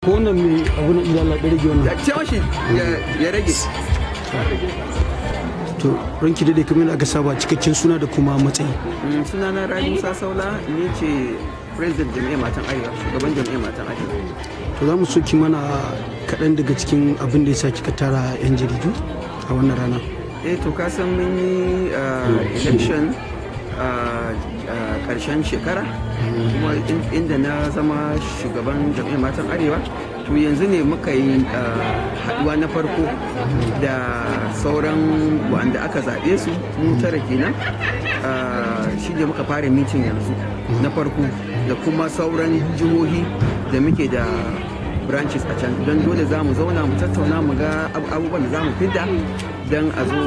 ko wannan mai abu na iya laɗe rage wannan ya ce mashi ya rage to ranki daidai kamar da aka saba cikakken suna da kuma matsayi mm, suna na rayu saula ne ce president jami'a matan arewa shugaban jami'a matan arewa to za mu soki mana kaɗan daga cikin abin da ya sa kika tara 'yan jaridu a wannan rana eh to kasan mun yi ah, election ah, karshen shekara kuma inda na zama shugaban jami'ar matan arewa to yanzu ne muka yi haduwa na farko da sauran wanda aka zaɓe su mu tara kenan shi da muka fara mitin yanzu na farko da kuma sauran jihohi da muke da branches a can don dole za mu zauna mu tattauna mu ga abubuwan da za mu fidda don a zo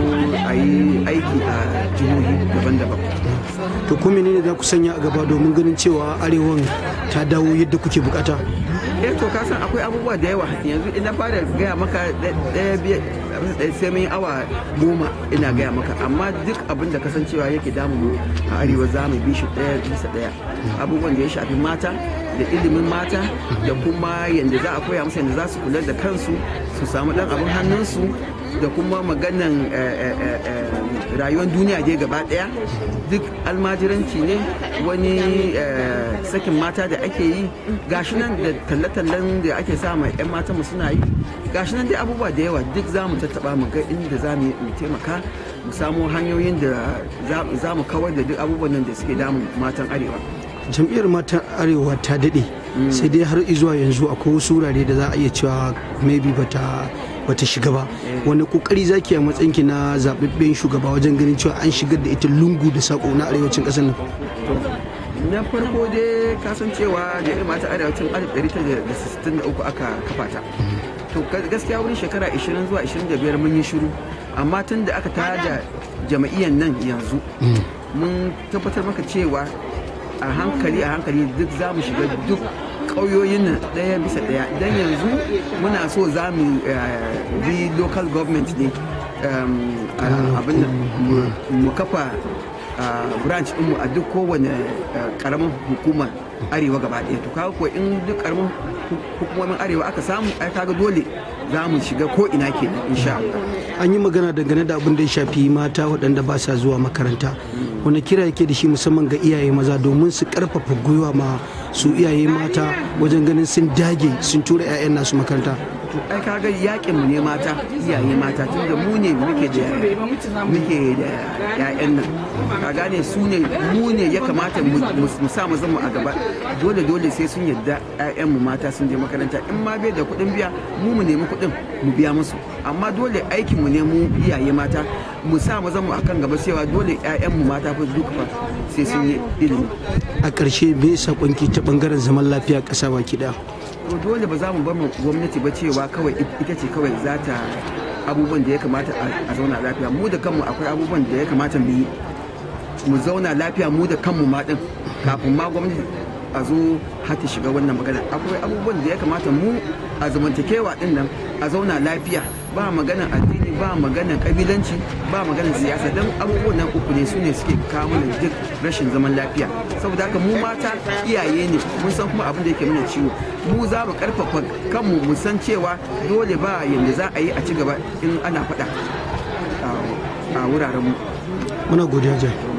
a yi aiki a jihohi daban-daban to kuma ne za ku sanya a gaba domin ganin cewa arewan ta dawo yadda kuke bukata eh to ka san akwai abubuwa da yawa yanzu ina fara gaya maka ɗaya biyar sai mun awa goma ina gaya maka amma duk abin da cewa yake damu mu a arewa za mu bi shi ɗaya bisa ɗaya abubuwan da ya shafi mata da ilimin mata da kuma yadda za a koya musu yadda za su kula da kansu su samu ɗan abin hannunsu da kuma maganan eh, eh, eh, rayuwar duniya dai gaba daya duk almajiranci ne wani eh, sakin mata da ake yi gashi nan da talle-tallen da ake sa mai 'yan mata mu suna yi gashi nan dai abubuwa da yawa duk za mu tattaba mu ga inda za mu taimaka mu samo hanyoyin da za mu kawar da duk abubuwan nan da suke damun matan arewa jam'iyyar matan arewa ta daɗe mm. sai dai har zuwa yanzu akwai wasu wurare da za a iya cewa maybe bata bata shiga ba wani kokari zaki a matsayinki na zababben shugaba wajen ganin cewa an shigar da ita lungu da sako na arewacin kasar nan na farko dai kasancewa jami'ar mata arewacin 1963 aka kafa ta to gaskiya wurin shekara 20 zuwa 25 mun yi shiru amma tun da aka tada jama'iyyar nan yanzu mm. mun tabbatar maka cewa a hankali a hankali duk za mu shiga duk kauyoyin nan ɗaya bisa daya idan yanzu muna so za mu eh, bi local government ne ehm, abin da mu kafa branch mu a duk kowane karamin eh, hukuma arewa gaba ɗaya to kaga ko in duk karamin hukumomin arewa aka samu ai kaga dole za mu shiga ko ina kenan insha Allah an yi magana dangane da abin da ya shafi mata waɗanda ba sa zuwa makaranta wani kira yake da shi musamman ga iyaye maza domin su karfafa gwiwa ma su iyaye mata wajen ganin sun dage sun tura 'ya'yan nasu makaranta to ai kaga yakin mu ne mata iyaye mata tunda mu ne muke da muke da 'ya'yan nan ka gane su ne mu ne ya kamata mu sa mu zama a gaba dole dole sai sun yadda 'ya'yan mu mata sun je makaranta in ma bai da kuɗin biya mu mu nemi kuɗin mu biya musu amma dole aikin mu ne mu iyaye mata mu sa maza mu akan gaba cewa dole mu mata fa duka fa sai sun yi ilimi a ƙarshe me kunki ta bangaren zaman lafiya ƙasa baki ɗaya to dole ba za mu bar gwamnati ba cewa kawai ita ce kawai za ta abubuwan da ya kamata a zauna lafiya mu da kanmu akwai abubuwan da ya kamata mu yi mu zauna lafiya mu da kanmu ma din kafin ma gwamnati a zo hati shiga wannan magana akwai abubuwan da ya kamata mu a zamantakewa din nan a zauna lafiya ba maganan addini ba maganan kabilanci ba maganan siyasa don abubuwan nan uku ne su ne suke kawo mana duk rashin zaman lafiya saboda haka mu mata iyaye ne mun san kuma abin da yake mana ciwo mu za mu karfafa kanmu mu san cewa dole ba yanda za a yi a ci gaba in ana faɗa a wuraren mu muna godiya jai